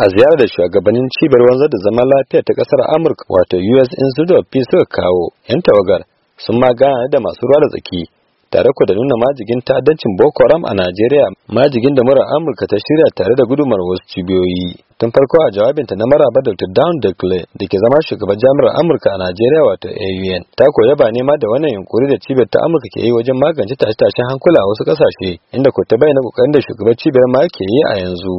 a ziyarar da shugabannin cibiyar wanzar da zama lafiya ta kasar amurka wato us institute of peace suka kawo yan tawagar sun ma gana da masu ruwa da tsaki tare ku da nuna majigin ta'addancin boko haram a najeriya majigin da murar amurka ta shirya tare da gudumar wasu cibiyoyi tun farko a jawabinta na maraba dr down dekle da ke zama shugaban jami'ar amurka a najeriya wato aun ta koya ba ma da wannan yunkuri da cibiyar ta amurka ke yi wajen magance tashe-tashen hankula a wasu kasashe inda ko ta bayyana kokarin da shugaban cibiyar ma ke yi a yanzu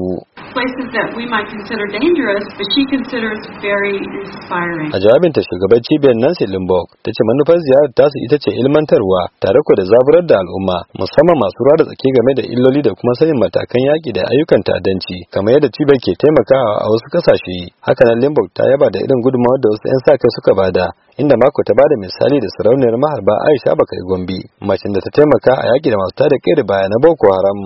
places that we might consider dangerous, but she A jawabinta shugabar cibiyar Nancy Limbaugh ta ce manufar ziyarar tasu ita ce ilmantarwa tare ko da zaburar da al'umma musamman masu ruwa da tsaki game da illoli da kuma sanin matakan yaƙi da ayyukan ta'addanci kamar yadda cibiyar ke taimakawa a wasu ƙasashe. Hakanan Limbaugh ta yaba da irin gudunmawar da wasu 'yan sa kai suka bada inda mako ta bada misali da sarauniyar maharba Aisha Bakai gombi macin da ta taimaka a yaki da masu tada kai baya na Boko Haram.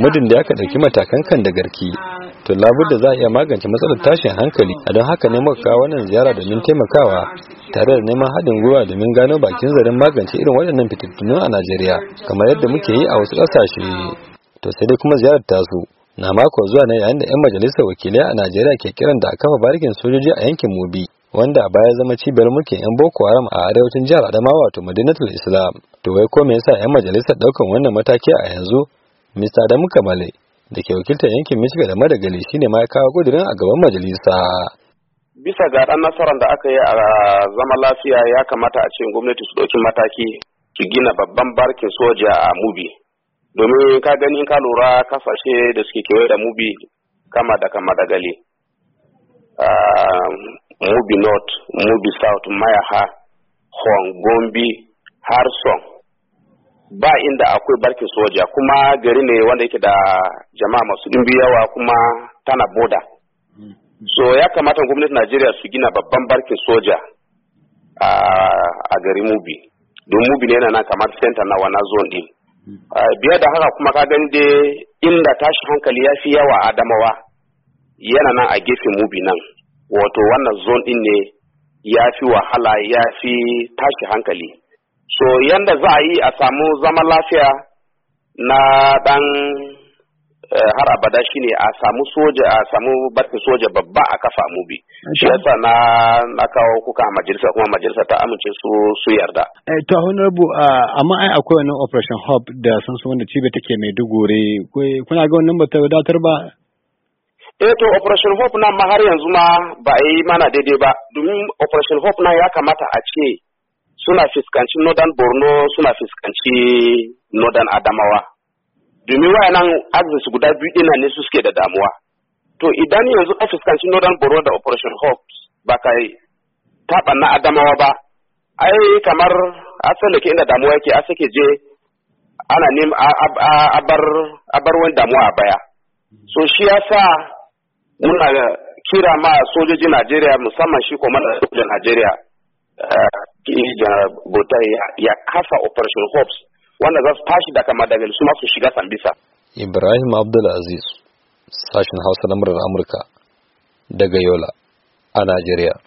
Mudin da aka ɗauki matakan kan da garki, to da za a iya magance matsalar tashin hankali, a don haka ne muka kawo wannan ziyara domin taimakawa tare da neman haɗin gwiwa domin gano bakin zarin magance irin waɗannan fitattunu a Najeriya kamar yadda muke yi a wasu ƙasashe to sai dai kuma ziyarar tasu na mako zuwa na yayin da 'yan majalisar wakilai a Najeriya ke kiran da a kafa barikin sojoji a yankin Mobi wanda a baya zama cibiyar mulkin 'yan Boko Haram a arewacin jihar Adamawa to Madinatul Islam to wai ko me yasa 'yan majalisar ɗaukan wannan mataki a yanzu Mr. Adamu Kamale da ke wakiltar yankin Michigan da Madagali shine ma ya kawo kudirin a gaban majalisa bisa ga ɗan nasarar da aka yi a zama lafiya ya kamata a ce gwamnati su ɗauki mataki su gina babban barkin soja a mubi domin ka gani ka lura kasashe da suke kewaye da mubi kama da kama da ah, mubi north mubi south mayaha hong gombi harson ba inda akwai barkin soja kuma gari ne wanda yake da jama'a masu ɗimbi yawa kuma tana boda so ya kamata gwamnatin najeriya su gina babban barkin soja a gari mubi don mubi ne yana nan kamar center na wana zone din biya da haka kuma ka gani dai inda tashi hankali ya fi yawa adamawa yana nan a gefen mubi nan wato wannan zone din ne ya fi wahala ya fi tashi hankali so yanda za a yi a samu zaman lafiya na dan Eh, har abada shine a samu soja a samu barkin soja babba a kafa bi eh, shi yasa na na kawo kuka a majalisa kuma majalisa ta amince su su yarda eh to honorable amma ai akwai wani operation hub da sun su wanda cibe take mai dugure kuna ga wannan ta wadatar ba eh to operation hope na ma har yanzu ma ba yi mana daidai ba domin operation hope na ya kamata a ce suna fuskanci northern borno suna fuskanci northern adamawa domin wayannan su guda biyu ɗina ne su suke da damuwa to idan yanzu ka fuskanci northern borough da operation hawks ba ka taɓa na adamawa ba ai kamar asan da ke inda damuwa yake a sake je ana nim a bar wani damuwa a baya so shi ya sa muna kira ma sojoji najeriya musamman shi kuma da najeriya eh, general ya kafa operation hawks wanda za su tashi daga madagali su su shiga sambisa ibrahim abdulaziz sashen hausa na murar amurka daga yola a najeriya